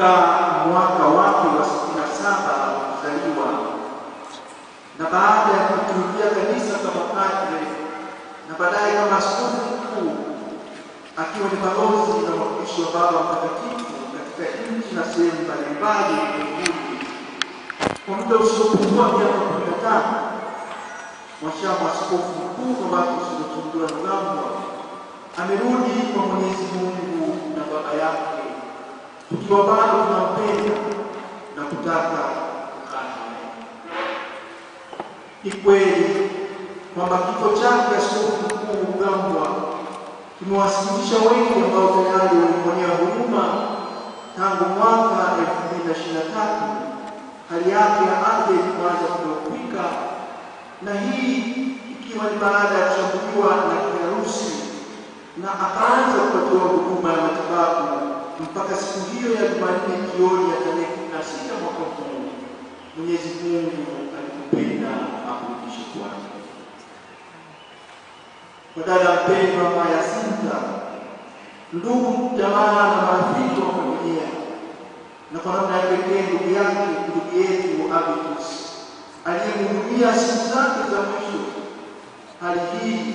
mwaka wake wa sitini na saba kuzaliwa, na baada ya kutumikia kanisa kama padre na baadaye kama askofu mkuu, akiwa ni balozi na mwakilishi wa Baba Mtakatifu katika nchi na sehemu mbalimbali ulimwenguni. Kwa muda usiopungua miaka kumi na tano, Mhashamu Askofu Mkuu Novatus Rutundura Rugambwa amerudi kwa Mwenyezi Mungu ukiwa bado unampenda na kutaka ukana Ni kweli kwamba kifo chake Askofu Mkuu Rugambwa kimewasikitisha wengi ambao tayari walimwonea huruma tangu mwaka 2023 hali yake ya afya ilipoanza kudhoofika, na hii ikiwa ni baada ya kushambuliwa na manne jioni ya tarehe kumi na sita mwaka huu Mwenyezi Mungu alikupenda akurudishe kwake. Badala mpendwa, mara ya sita, ndugu mtamaa na marafiki wa familia na kwa namna ya pekee ndugu yake ndugu yetu Avitus aliyehudumia siku zake za mwisho, hali hii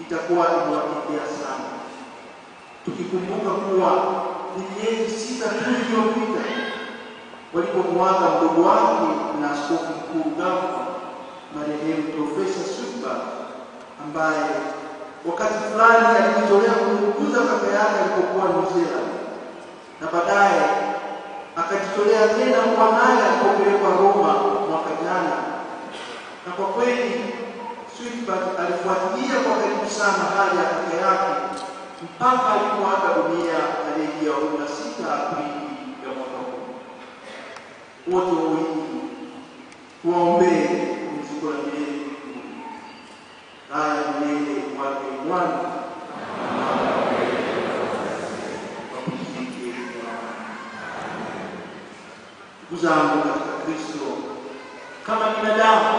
itakuwa imewapitia sana, tukikumbuka kuwa ni miezi sita tu iliyopita walipomuaga mdogo wake na askofu mkuu gafa marehemu Profesa Suba ambaye wakati fulani alijitolea kumguza kaka yake alipokuwa New Zealand na baadaye akajitolea tena kuwa naye alipopelekwa Roma mwaka jana. Na kwa kweli Switbert alifuatilia kwa karibu sana hali ya kaka yake mpaka alipoaga dunia yaliingia kumi na sita Aprili ya mwaka huu. Wote wawili tuwaombee pumziko la haya milele wake Bwana Ndugu zangu katika Kristo, kama binadamu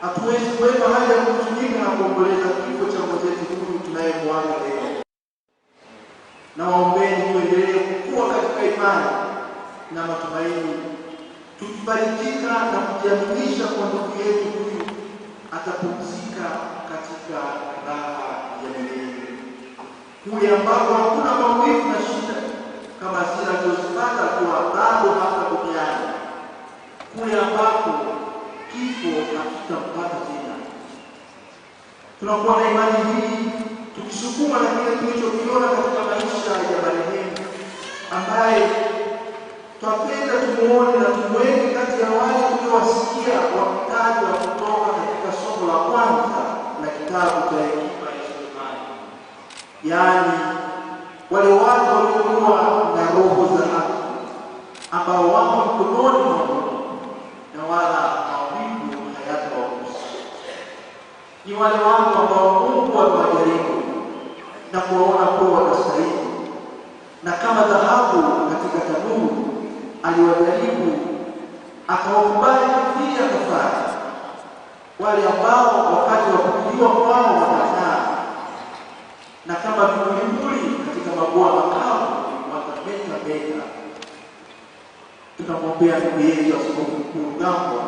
hatuwezi kuweka hali ya kuhuzunika na kuomboleza kifo cha mwenzetu huyu tunayemwaga leo na waombeni muendelee kukua katika imani na matumaini, tukibarikika na kujiaminisha kwa ndugu yetu huyu atapumzika katika raha ya milele kule ambapo hakuna maumivu na shida kama zile alizozipata akiwa bado hapa duniani, kule ambapo kifo hakitampata tena. Tunakuwa na imani hii tukisukuma na kile tulichokiona katika maisha ya marehemu ambaye twapenda tumuone na tumweke kati ya wale tuliowasikia wa kutoka katika somo la kwanza la kitabu cha Hekima ya Sulemani, yaani wale watu waliokuwa na roho za haki ambao wako mkononi mwa Mungu na wala mawingu hayatawagusa ni wale aliwajaribu akawakubali kupiga kafara wale ambao wakati wa kuliwa kwao wakataa, na kama vibulimbuli katika mabua makavu beta. Tunamwombea ndugu yetu Askofu Mkuu Rugambwa,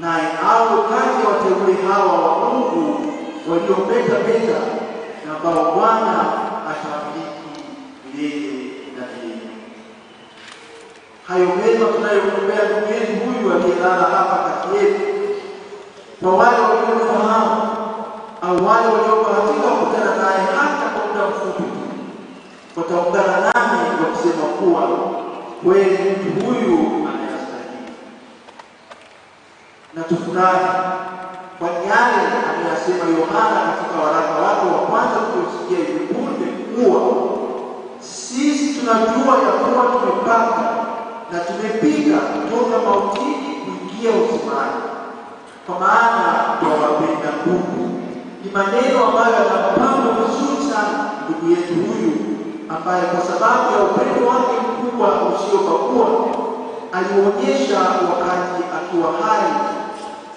naye au kazi ya wateule hawa wa Mungu beta na ambao Bwana atabariki yeye hayo mema tunayomwombea ndugu yetu huyu aliyelala hapa kati yetu, kwa wale waliomfahamu au wale waliobahatika kukutana naye hata kwa muda mfupi, wataungana nami kwa kusema kuwa kweli mtu huyu anayastahili, na tufurahi kwa yale anayasema Yohana katika waraka wake wa kwanza tuliosikia hivi punde kuwa sisi tunajua ya kuwa tumepata na tumepiga kutoka mautini kuingia uzimani, kwa maana twawapenda Mungu. Ni maneno ambayo yana vizuri sana ndugu yetu huyu, ambaye kwa sababu ya upendo wake mkubwa usiopakua alionyesha wakati akiwa hai,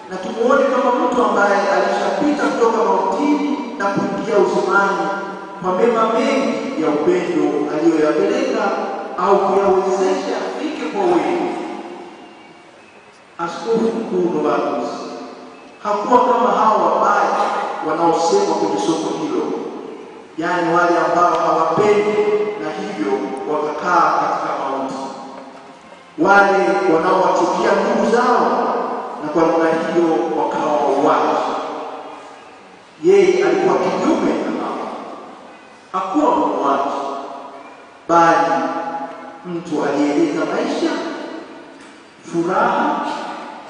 na tumuone kama mtu ambaye alishapita kutoka mautini na kuingia uzimani kwa mema mengi ya upendo aliyoyapeleka au kuyawezesha huku Novatus hakuwa kama hao wabaya wanaosemwa kwenye soko hilo, yaani wale ambao hawapendi na hivyo wakakaa katika mauti, wale wanaowachukia ndugu zao na kwa namna hiyo wakawa wauaji. Yeye alikuwa kinyume na hao, hakuwa muuaji, bali mtu aliyeleza maisha furaha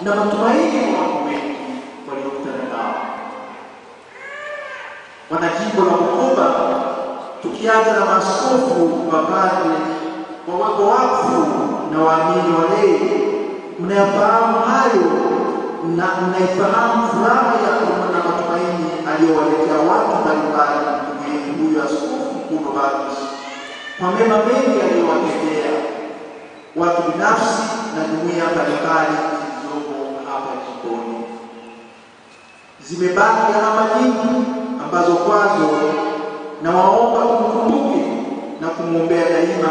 na matumaini ya watu wengi waliokutana nao. Wanajimbo la Bukoba, tukianza na maaskofu, wa wako wakfu na waamini wale, mnayafahamu hayo na mnaifahamu furaha ya na matumaini aliyowaletea watu mbalimbali mtumifu huyo askofu mkuu Novatus kwa mema mengi aliyowatendea watu binafsi na jumuiya mbalimbali zimebaki alama nyingi ambazo kwazo na waomba kumkumbuke na kumwombea daima,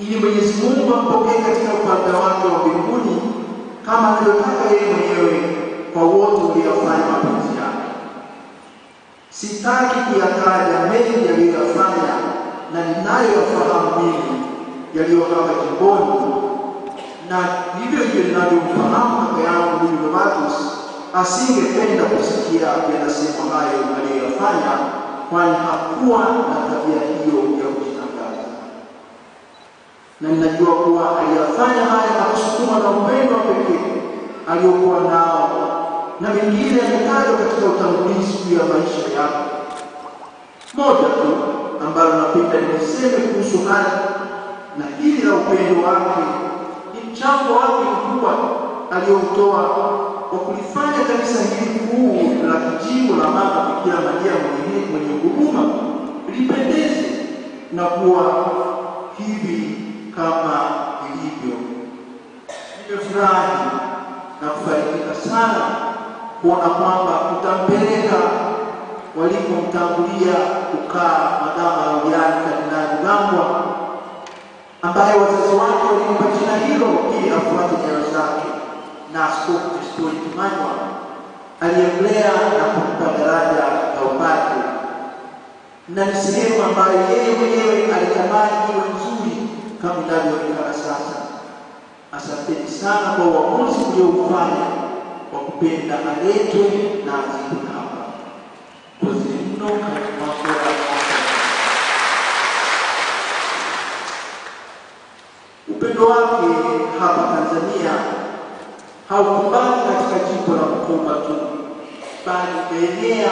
ili Mwenyezi Mungu ampokee katika upanga wake wa mbinguni kama alivyotaka yeye mwenyewe kwa wote uliyofanya mapenzi yake. Sitaki kuyataja mengi yaliyoyafanya na ninayoyafahamu mimi yaliyotoka jimboni, na hivyo hivyo ninavyomfahamu kaka yangu huyu Novatus asingependa kusikia yanasema hayo aliyoyafanya, kwani hakuwa na tabia hiyo ya kujitangaza, na ninajua kuwa aliyafanya haya na kusukuma na upendo wa pekee aliyokuwa nao, na mengine yametajwa katika utangulizi juu ya maisha yako. Moja tu ambalo napenda niliseme kuhusu hali na hili la upendo wake, ni mchango wake mkubwa aliyoutoa kwa kulifanya kanisa hili kuu la kijivu la Mama Bikira Maria mwenye huruma lipendeze na kuwa hivi kama ilivyo. Nimefurahi na kufarijika sana kuona kwamba kutampeleka walipomtangulia kukaa Madamu Auriani Kardinali Rugambwa ambaye wazazi wake walimpa jina hilo ili afuate jina zake na askofu Joel Kimanywa aliyemlea na kumpa daraja la upadre, na ni sehemu ambayo yeye mwenyewe alitamani iwe nzuri kama inavyoonekana sasa. Asanteni sana kwa uamuzi ulioufanya wa kupenda aletwe na azikwe hapa. kuzimno mno upendo wake hapa Tanzania haukubali katika jimbo la kuomba tu, bali umeenea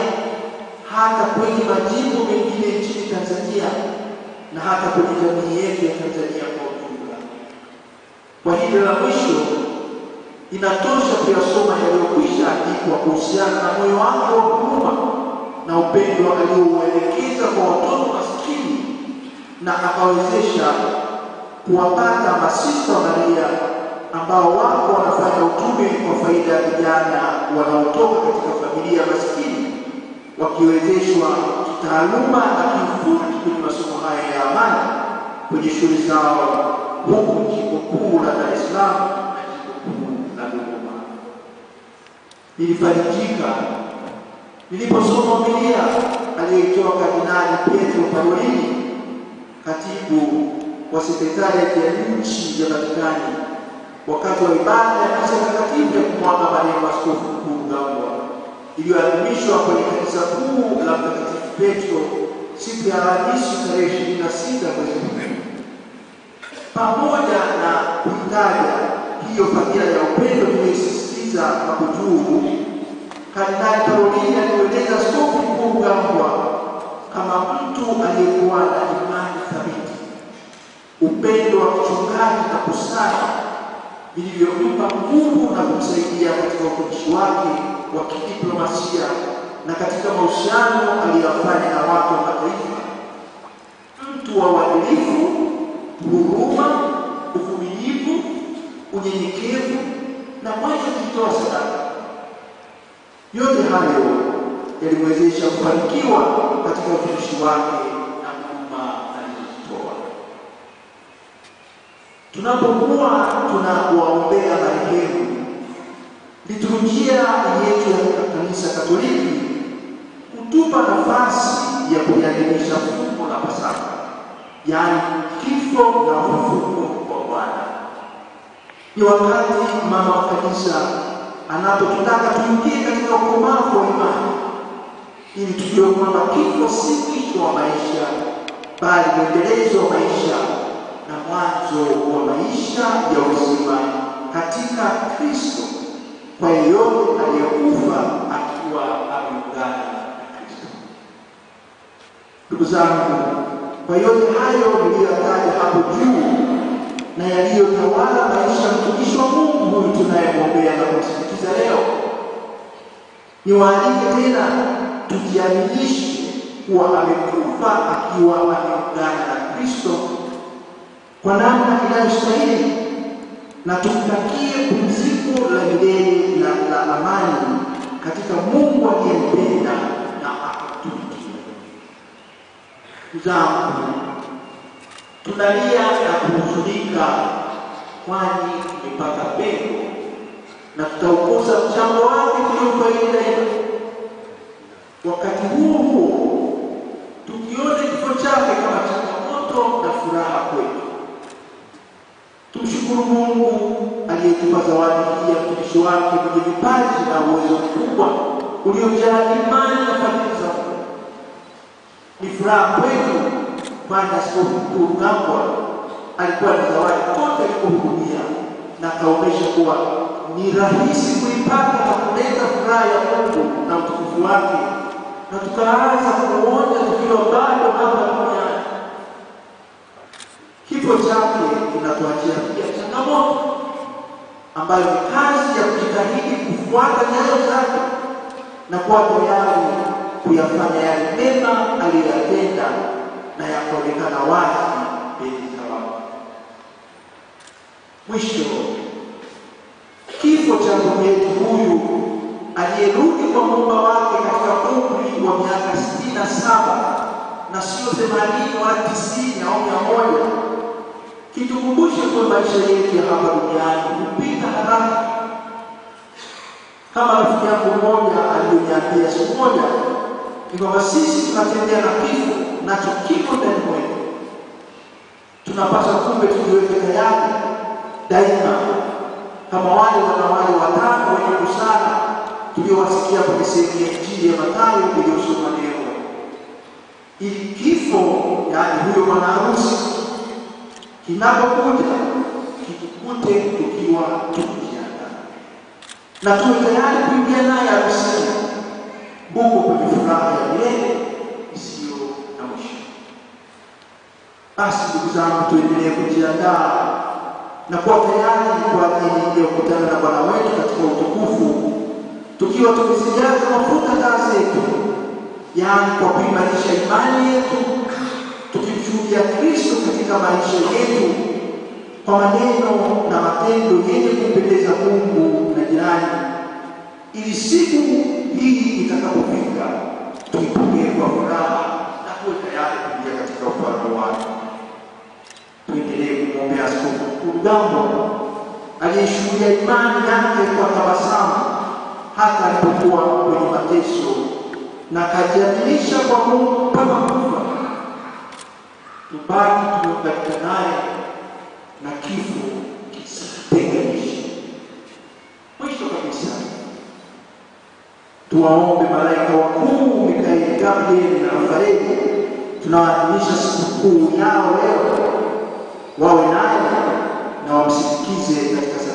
hata kwenye majimbo mengine nchini Tanzania na hata kwenye jamii yetu ya Tanzania kwa ujumla. Kwa hilo la mwisho, inatosha kuyasoma yaliyokwisha andikwa kuhusiana na moyo wake wa huruma na upendo aliouelekeza kwa watoto maskini na akawezesha kuwapata masista Maria ambao wako wanafanya utume kwa faida ya vijana wanaotoka katika familia maskini, wakiwezeshwa kitaaluma na kiufundi kwenye masomo haya ya amani kwenye shughuli zao huku jimbo kuu la Dar es Salaam na jimbo kuu la Dodoma. Nilifarijika niliposoma homilia aliyoitoa Kardinali Pietro Parolini, katibu wa sekretariati ya nchi ya Vatikani wakati wa ibada ya misa takatifu ya kumwaga mali ya Askofu Mkuu Rugambwa iliyoadhimishwa kwenye kanisa kuu la Mtakatifu Petro siku ya Alhamisi tarehe ishirini na sita mwezi Mei. Pamoja na kuitaja hiyo fadhila ya upendo tuliyosisitiza na kutubu, Kardinali Parolin alieleza Askofu Mkuu Rugambwa kama mtu aliyekuwa na imani thabiti, upendo wa kichungaji na kusali iliyompa nguvu na kumsaidia katika utumishi wake wa kidiplomasia na katika mahusiano aliyofanya na watu wa mataifa. Mtu wa uadilifu, huruma, uvumilivu, unyenyekevu na mwanzo kujitoa sadaka. Yote hayo yalimwezesha kufanikiwa katika utumishi wake. Tunapokuwa tunawaombea marehemu, liturujia yetu ya Kanisa Katoliki kutupa nafasi ya kuiadhimisha fumbo la Pasaka, yaani kifo na ufufuko wa Bwana. Ni wakati mama wa kanisa anapotutaka tuingie katika ukomavu wa imani, ili tujue kwamba kifo si mwisho wa maisha, bali mwendelezo wa maisha na mwanzo wa maisha ya uzima katika Kristo kwa yeyote aliyekufa akiwa ameungana na Kristo. Ndugu zangu, kwa yote hayo niliyotaja hapo juu na yaliyotawala maisha ya mtumishi wa Mungu huyu tunayemwombea na kumsindikiza leo, niwaalike tena tujiaminishe kuwa amekufa akiwa ameungana na Kristo kwa namna inayostahili na tumtakie pumziko la milele la amani katika Mungu aliyempenda na akatumikia. Zangu tunalia na kuhuzunika, kwani tumepata pengo na tutaukuza mchango wake kumshukuru Mungu aliyetupa zawadi hii ya mtumishi wake mwenye vipaji na uwezo mkubwa uliojaa imani na fadhili za Mungu. Ni furaha kwetu kwani Askofu Mkuu Rugambwa alikuwa na zawadi kote alikohudumia, na akaonyesha kuwa ni rahisi kuipata na kuleta furaha ya Mungu na utukufu wake, na tukaanza kuona tukiwa bado hapa duniani. Kifo chake kinatuachia pia changamoto ambayo ni kazi ya kujitahidi kufuata nyayo zake na kwako yangu kuyafanya yale mema aliyoyatenda na yakaonekana wazi za thawabu. Mwisho, kifo cha ndugu huyu aliyerudi kwa Muumba wake katika umri wa miaka sitini na saba na sio themanini wala tisini au mia moja itukumbushe kuwa maisha yetu ya hapa duniani hupita haraka. Kama rafiki yangu mmoja aliyoniambia siku moja, ni kwamba sisi tunatembea na kifo, nacho kiko ndani mwetu. Tunapaswa kumbe tujiweke tayari daima, kama wale wanawali watano wenye busara tuliowasikia kwenye sehemu ya Injili ya Mathayo iliyosoma leo, ili kifo, yaani huyo bwana inapokuja tukikute tukiwa tukijiandaa na tuwe tayari kuingia naye harusini Mungu kwenye furaha ya milele isiyo na mwisho. Basi ndugu zangu, tuendelee kujiandaa na kuwa tayari kwa ajili ya kukutana na Bwana wetu katika utukufu, tukiwa tumezijaza mafuta taa zetu, yaani kwa kuimarisha imani yetu tuki juu ya Kristo katika maisha yetu kwa maneno na matendo yenye kumpendeza Mungu na jirani, ili siku hii itakapofika tuipokee kwa furaha na kuwe tayari kuingia katika ufalme wake. Tuendelee kumwombea Askofu Mkuu Rugambwa aliyeshuhudia imani yake kwa tabasamu hata alipokuwa kwenye mateso na kajiadilisha kwa Mungu mpaka kufa tubaki tumeunganika naye na kifo kisitenganishe. Mwisho kabisa, tuwaombe malaika wakuu Mikaeli, Gabrieli na Rafaeli, tunawaadhimisha sikukuu yao leo, wawe naye na wamsindikize katika